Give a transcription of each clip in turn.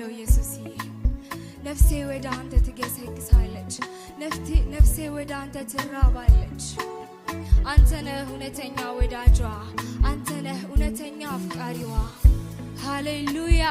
ለው ኢየሱስዬ ነፍሴ ወደ አንተ ትገሰግሳለች፣ ነፍሴ ወደ አንተ ትራባለች። አንተ ነህ እውነተኛ ወዳጇ፣ አንተ ነህ እውነተኛ አፍቃሪዋ። ሃሌሉያ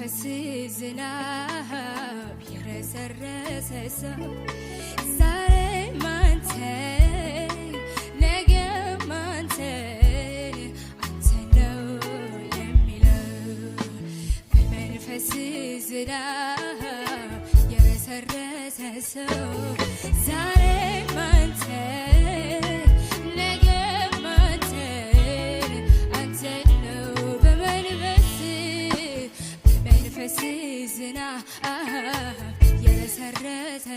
መንፈስ ዝናብ የረሰረሰ ሰው ዛሬ ማንተ ነገ ማንተ አንተ ነው የሚለው በመንፈስ ዝናብ የረሰረሰ ሰው ዛሬም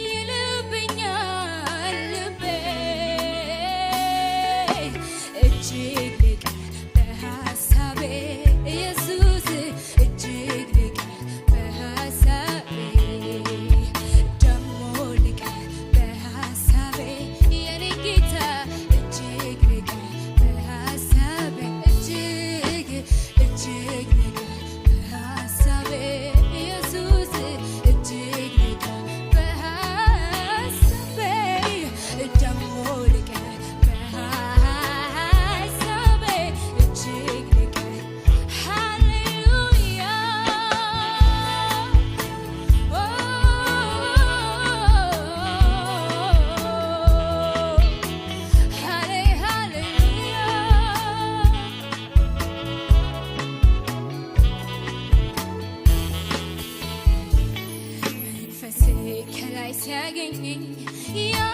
ይልብኛል ልቤ እጅ begging me.